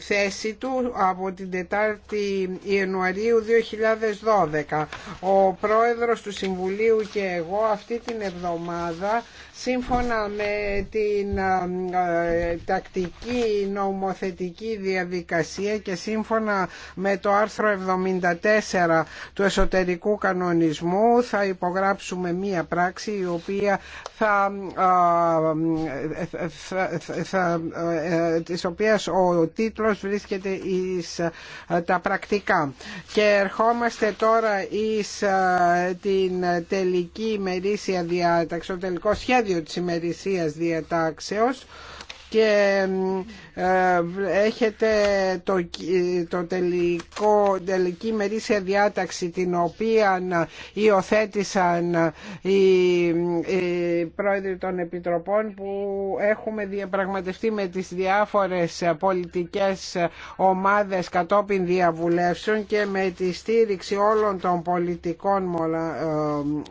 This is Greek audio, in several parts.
θέση του από την 4η Ιανουαρίου 2012. Ο πρόεδρος του Συμβουλίου και εγώ αυτή την εβδομάδα σύμφωνα με την τακτική νομοθετική διαδικασία και σύμφωνα με το άρθρο 74 του εσωτερικού κανονισμού θα υπογράψουμε μία πράξη η οποία θα, της οποίας ο τίτλος βρίσκεται εις ε, τα πρακτικά. Και ερχόμαστε τώρα εις ε, την τελική ημερήσια διάταξη, το τελικό σχέδιο της ημερησίας διατάξεως και ε, έχετε το, το τελικό, τελική μερίσια διάταξη την οποία υιοθέτησαν οι, οι πρόεδροι των επιτροπών που έχουμε διαπραγματευτεί με τις διάφορες πολιτικές ομάδες κατόπιν διαβουλεύσεων και με τη στήριξη όλων των πολιτικών ε,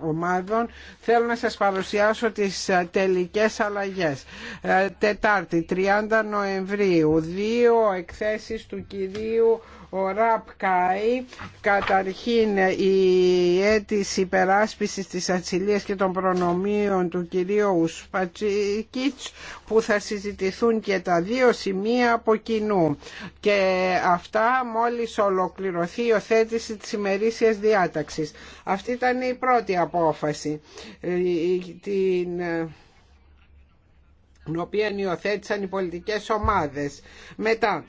ομάδων θέλω να σας παρουσιάσω τις τελικές αλλαγές. Ε, τετάρτη Τετάρτη, 30 Νοεμβρίου, δύο εκθέσεις του κυρίου ο ΡΑΠΚΑΙ καταρχήν η αίτηση υπεράσπισης της ατσιλίας και των προνομίων του κυρίου Σπατσικίτς που θα συζητηθούν και τα δύο σημεία από κοινού και αυτά μόλις ολοκληρωθεί η οθέτηση της ημερήσιας διάταξης. Αυτή ήταν η πρώτη απόφαση. Την... Ε, την οποία υιοθέτησαν οι πολιτικές ομάδες. Μετά,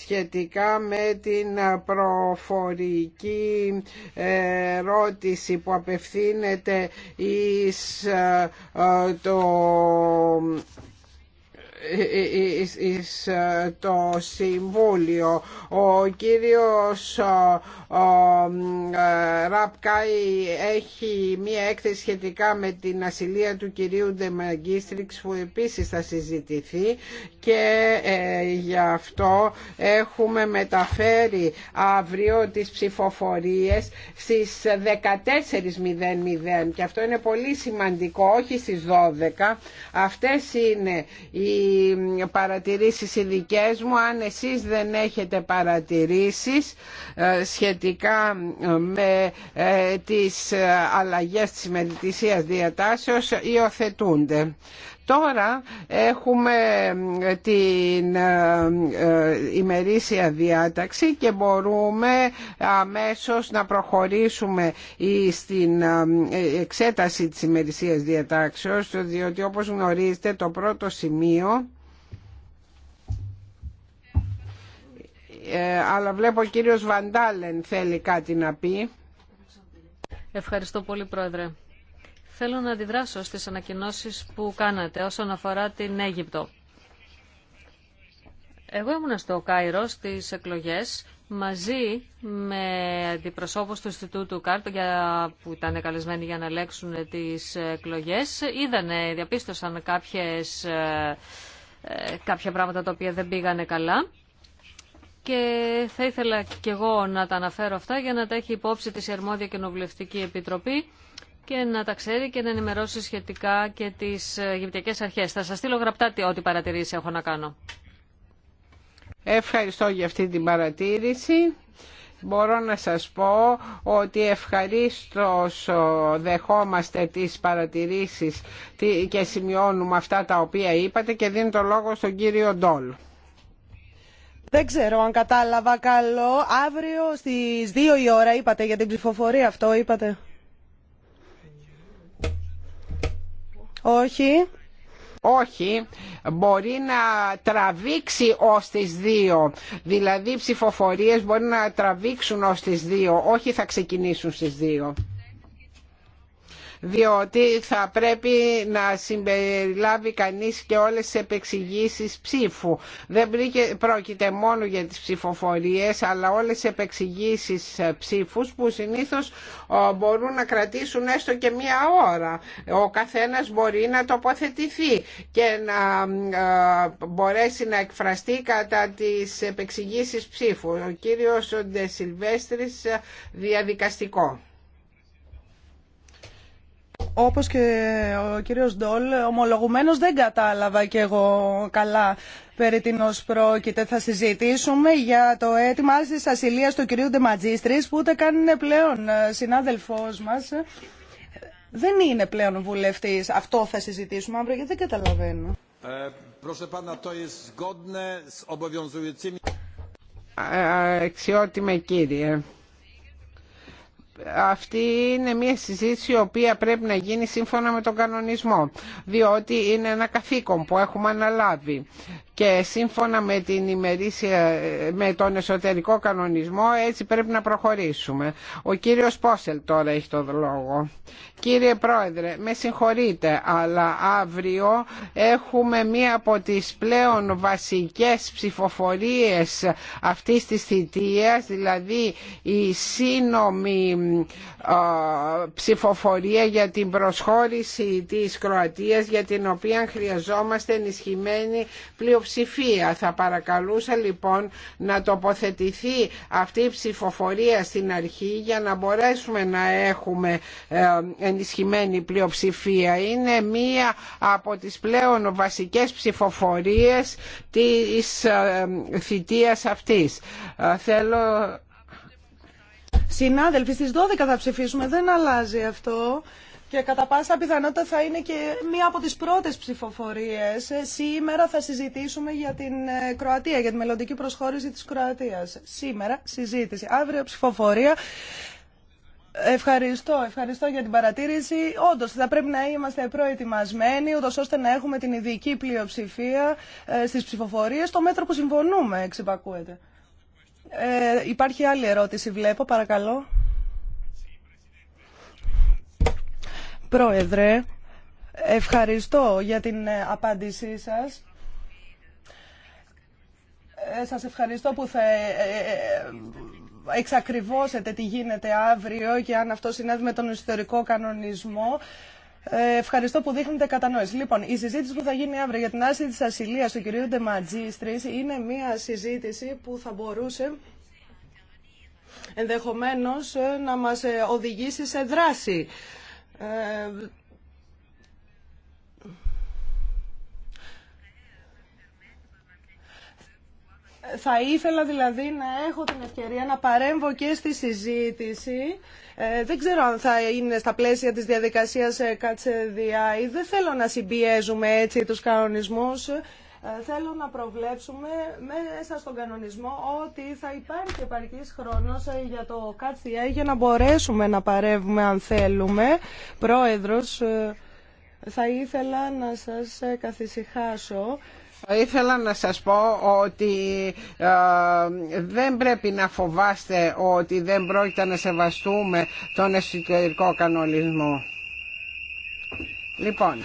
σχετικά με την προφορική ερώτηση που απευθύνεται εις το το Συμβούλιο. Ο κύριος ε, Ραπκάη έχει μία έκθεση σχετικά με την ασυλία του κυρίου Ντεμαγκίστριξ που επίσης θα συζητηθεί και ε, γι' αυτό έχουμε μεταφέρει αύριο τις ψηφοφορίες στις 14.00 και αυτό είναι πολύ σημαντικό, όχι στις 12. Αυτές είναι οι οι παρατηρήσεις οι δικές μου. Αν εσείς δεν έχετε παρατηρήσεις ε, σχετικά ε, με ε, τις αλλαγές της μελητησίας διατάσεως, υιοθετούνται. Τώρα έχουμε ε, την ε, ε, ημερήσια διάταξη και μπορούμε αμέσως να προχωρήσουμε στην εξέταση της ημερησίας διατάξεως διότι όπως γνωρίζετε το πρώτο σημείο αλλά βλέπω ο κύριος Βαντάλεν θέλει κάτι να πει. Ευχαριστώ πολύ πρόεδρε. Θέλω να αντιδράσω στις ανακοινώσεις που κάνατε όσον αφορά την Αίγυπτο. Εγώ ήμουν στο Κάιρο στις εκλογές μαζί με αντιπροσώπους του Ινστιτούτου Κάρτο που ήταν καλεσμένοι για να ελέγξουν τις εκλογές. Είδανε, διαπίστωσαν κάποιες, ε, ε, κάποια πράγματα τα οποία δεν πήγανε καλά και θα ήθελα κι εγώ να τα αναφέρω αυτά για να τα έχει υπόψη της Ερμόδια Κοινοβουλευτική Επιτροπή και να τα ξέρει και να ενημερώσει σχετικά και τις Αιγυπτιακέ ε, Αρχές. Θα σας στείλω γραπτά ό,τι παρατηρήσει έχω να κάνω. Ευχαριστώ για αυτή την παρατήρηση. Μπορώ να σας πω ότι ευχαρίστως ε, δεχόμαστε τις παρατηρήσεις και σημειώνουμε αυτά τα οποία είπατε και δίνω το λόγο στον κύριο Ντόλ. Δεν ξέρω αν κατάλαβα καλό. Αύριο στις 2 η ώρα είπατε για την ψηφοφορία αυτό, είπατε. Όχι. Όχι, μπορεί να τραβήξει ως τις δύο. Δηλαδή οι ψηφοφορίες μπορεί να τραβήξουν ως τις δύο. Όχι θα ξεκινήσουν στις δύο διότι θα πρέπει να συμπεριλάβει κανείς και όλες τις επεξηγήσεις ψήφου. Δεν πρόκειται μόνο για τις ψηφοφορίες, αλλά όλες τις επεξηγήσεις ε, ψήφους που συνήθως μπορούν να κρατήσουν έστω και μία ώρα. Ο καθένας μπορεί να τοποθετηθεί και να ε, μπορέσει να εκφραστεί κατά τις επεξηγήσεις ψήφου. Ο κύριος Ντεσιλβέστρης ε, διαδικαστικό. Όπως και ο κύριος Ντόλ, ομολογουμένως δεν κατάλαβα και εγώ καλά περί την πρόκειται. Θα συζητήσουμε για το αίτημα της ασυλίας του κυρίου Ντεματζίστρης που ούτε καν είναι πλέον ε, συνάδελφός μας. Δεν είναι πλέον βουλευτής. Αυτό θα συζητήσουμε αύριο γιατί δεν καταλαβαίνω. Ε, ε, αξιότιμε κύριε αυτή είναι μια συζήτηση η οποία πρέπει να γίνει σύμφωνα με τον κανονισμό διότι είναι ένα καθήκον που έχουμε αναλάβει και σύμφωνα με, την με τον εσωτερικό κανονισμό έτσι πρέπει να προχωρήσουμε. Ο κύριος Πόσελ τώρα έχει το λόγο. Κύριε Πρόεδρε, με συγχωρείτε, αλλά αύριο έχουμε μία από τις πλέον βασικές ψηφοφορίες αυτής της θητείας, δηλαδή η σύνομη ψηφοφορία για την προσχώρηση της Κροατίας, για την οποία χρειαζόμαστε ενισχυμένη πλειοψηφία θα παρακαλούσα λοιπόν να τοποθετηθεί αυτή η ψηφοφορία στην αρχή για να μπορέσουμε να έχουμε ε, ενισχυμένη πλειοψηφία. Είναι μία από τις πλέον βασικές ψηφοφορίες της ε, θητείας αυτής. Ε, θέλω... Συνάδελφοι, στις 12 θα ψηφίσουμε, δεν αλλάζει αυτό και κατά πάσα πιθανότητα θα είναι και μία από τις πρώτες ψηφοφορίες. Ε, σήμερα θα συζητήσουμε για την ε, Κροατία, για τη μελλοντική προσχώρηση της Κροατίας. Σήμερα συζήτηση, αύριο ψηφοφορία. Ευχαριστώ, ευχαριστώ για την παρατήρηση. Όντω, θα πρέπει να είμαστε προετοιμασμένοι, ούτω ώστε να έχουμε την ειδική πλειοψηφία ε, στι ψηφοφορίε, το μέτρο που συμφωνούμε, εξυπακούεται. Ε, υπάρχει άλλη ερώτηση, βλέπω, παρακαλώ. Πρόεδρε, ευχαριστώ για την ε, απάντησή σας. Ε, σας ευχαριστώ που θα ε, εξακριβώσετε τι γίνεται αύριο και αν αυτό συνέβη με τον ιστορικό κανονισμό. Ευχαριστώ που δείχνετε κατανόηση. Λοιπόν, η συζήτηση που θα γίνει αύριο για την άσκηση της ασυλίας του κυρίου Ντεματζίστρης είναι μια συζήτηση που θα μπορούσε ενδεχομένως να μας οδηγήσει σε δράση. Ε, θα ήθελα δηλαδή να έχω την ευκαιρία να παρέμβω και στη συζήτηση. Ε, δεν ξέρω αν θα είναι στα πλαίσια της διαδικασίας ε, ή Δεν θέλω να συμπιέζουμε έτσι τους κανονισμούς. Ε, θέλω να προβλέψουμε μέσα στον κανονισμό ότι θα υπάρχει επαρκής χρόνος ε, για το ΚΑΤΣΙΑ για να μπορέσουμε να παρεύουμε αν θέλουμε. Πρόεδρος, ε, θα ήθελα να σας καθησυχάσω. Θα ήθελα να σας πω ότι δεν πρέπει να φοβάστε ότι δεν πρόκειται να σεβαστούμε τον εσωτερικό κανονισμό. Λοιπόν,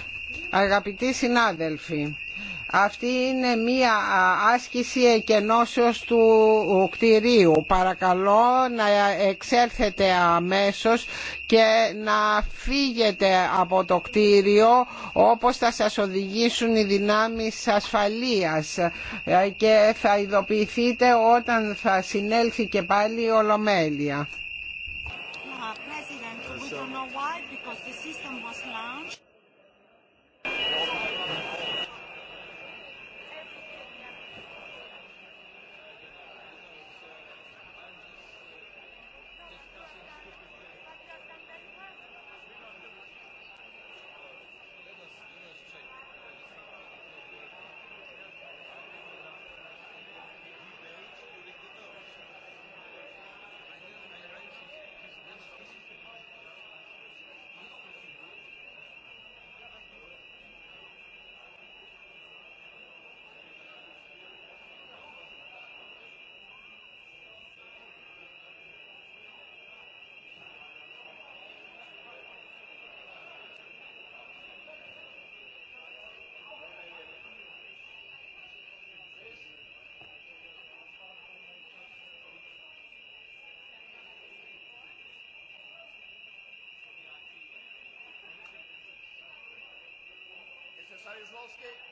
αγαπητοί συνάδελφοι, αυτή είναι μία άσκηση εκενώσεως του κτηρίου. Παρακαλώ να εξέλθετε αμέσως και να φύγετε από το κτίριο όπως θα σας οδηγήσουν οι δυνάμεις ασφαλείας ε, και θα ειδοποιηθείτε όταν θα συνέλθει και πάλι η Ολομέλεια. Mrs. Sarizlowski.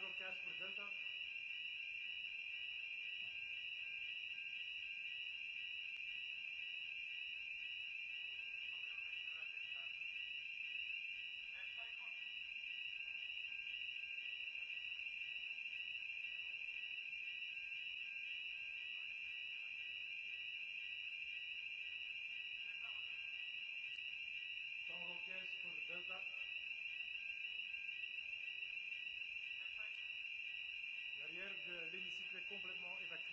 Hamburg-Erzburg-Delta complètement évacué.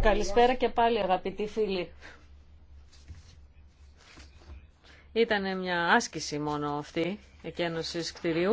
Καλησπέρα και πάλι αγαπητοί φίλοι. Ήταν μια άσκηση μόνο αυτή, εκένωσης κτηρίου.